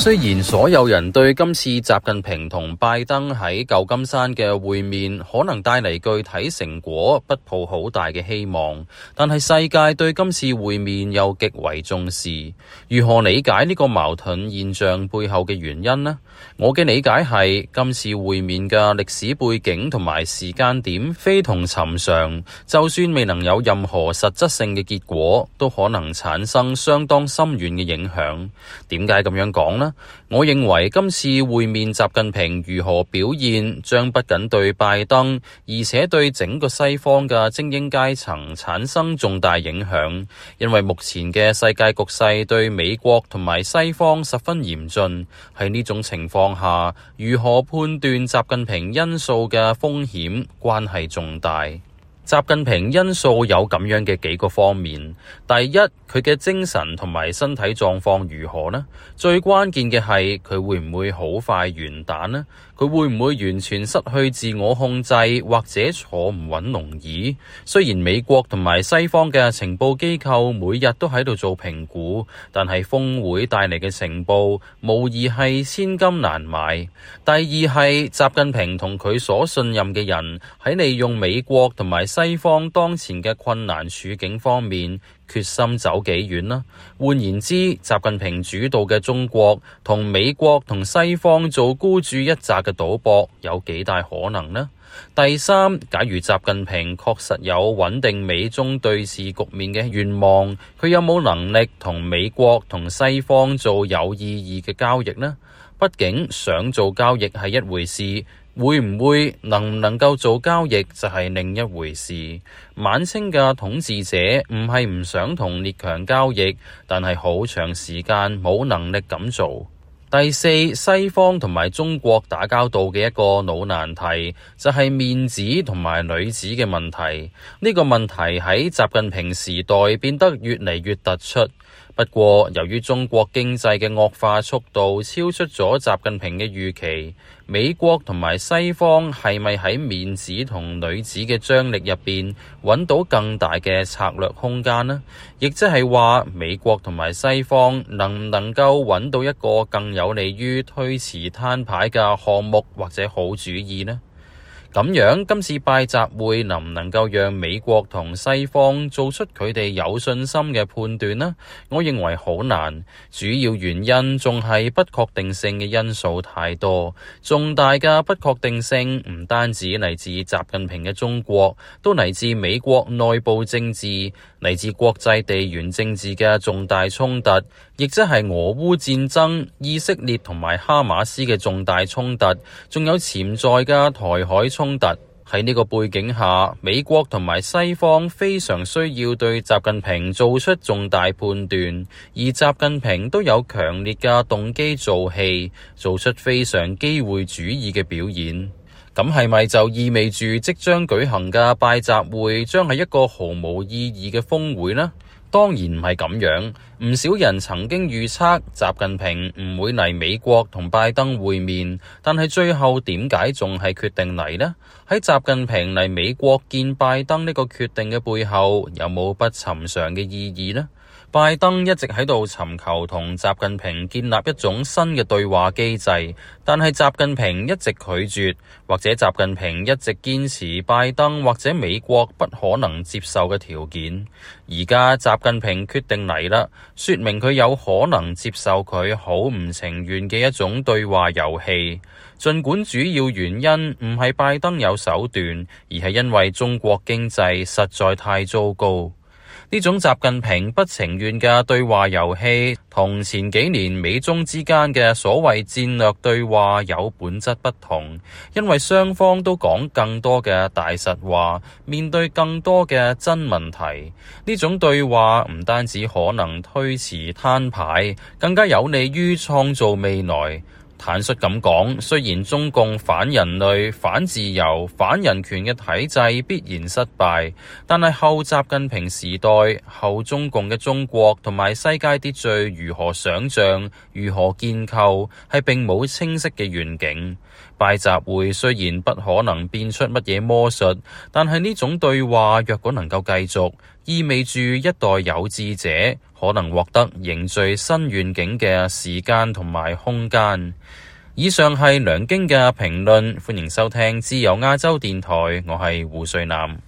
雖然所有人對今次習近平同拜登喺舊金山嘅會面可能帶嚟具體成果，不抱好大嘅希望，但係世界對今次會面又極為重視。如何理解呢個矛盾現象背後嘅原因呢？我嘅理解係今次會面嘅歷史背景同埋時間點非同尋常，就算未能有任何實質性嘅結果，都可能產生相當深遠嘅影響。點解咁樣講呢？我認為今次會面習近平如何表現，將不僅對拜登，而且對整個西方嘅精英階層產生重大影響。因為目前嘅世界局勢對美國同埋西方十分嚴峻，喺呢種情況下，如何判斷習近平因素嘅風險關係重大。習近平因素有咁樣嘅幾個方面，第一，佢嘅精神同埋身體狀況如何呢？最關鍵嘅係佢會唔會好快完蛋呢？佢會唔會完全失去自我控制或者坐唔穩龍椅？雖然美國同埋西方嘅情報機構每日都喺度做評估，但係峰會帶嚟嘅情報無疑係千金難買。第二係習近平同佢所信任嘅人喺利用美國同埋。西方當前嘅困難處境方面，決心走幾遠呢？換言之，習近平主導嘅中國同美國同西方做孤注一擲嘅賭博，有幾大可能呢？第三，假如習近平確實有穩定美中對峙局面嘅願望，佢有冇能力同美國同西方做有意義嘅交易呢？畢竟想做交易係一回事。會唔會，能唔能夠做交易，就係另一回事。晚清嘅統治者唔係唔想同列強交易，但係好長時間冇能力咁做。第四，西方同埋中國打交道嘅一個老難題，就係面子同埋女子嘅問題。呢個問題喺習近平時代變得越嚟越突出。不過，由於中國經濟嘅惡化速度超出咗習近平嘅預期，美國同埋西方係咪喺面子同裏子嘅張力入邊揾到更大嘅策略空間呢？亦即係話，美國同埋西方能唔能夠揾到一個更有利於推遲攤牌嘅項目或者好主意呢？咁樣今次拜習會能唔能夠讓美國同西方做出佢哋有信心嘅判斷呢？我認為好難，主要原因仲係不確定性嘅因素太多。重大嘅不確定性唔單止嚟自習近平嘅中國，都嚟自美國內部政治，嚟自國際地緣政治嘅重大衝突，亦即係俄烏戰爭、以色列同埋哈馬斯嘅重大衝突，仲有潛在嘅台海。衝突。喺呢個背景下，美國同埋西方非常需要對習近平做出重大判斷，而習近平都有強烈嘅動機做戲，做出非常機會主義嘅表演。咁係咪就意味住即將舉行嘅拜習會將係一個毫無意義嘅峰會呢？當然唔係咁樣，唔少人曾經預測習近平唔會嚟美國同拜登會面，但係最後點解仲係決定嚟？呢，喺習近平嚟美國見拜登呢個決定嘅背後，有冇不尋常嘅意義呢？拜登一直喺度尋求同習近平建立一種新嘅對話機制，但係習近平一直拒絕，或者習近平一直堅持拜登或者美國不可能接受嘅條件。而家習近平決定嚟啦，說明佢有可能接受佢好唔情願嘅一種對話遊戲。盡管主要原因唔係拜登有手段，而係因為中國經濟實在太糟糕。呢種習近平不情願嘅對話遊戲，同前幾年美中之間嘅所謂戰略對話有本質不同，因為雙方都講更多嘅大實話，面對更多嘅真問題。呢種對話唔單止可能推遲攤牌，更加有利於創造未來。坦率咁講，雖然中共反人類、反自由、反人權嘅體制必然失敗，但係後習近平時代、後中共嘅中國同埋世界秩序如何想像、如何建構，係並冇清晰嘅願景。拜習會雖然不可能變出乜嘢魔術，但係呢種對話若果能夠繼續，意味住一代有志者可能獲得凝聚新願景嘅時間同埋空間。以上係梁京嘅評論，歡迎收聽自由亞洲電台，我係胡瑞南。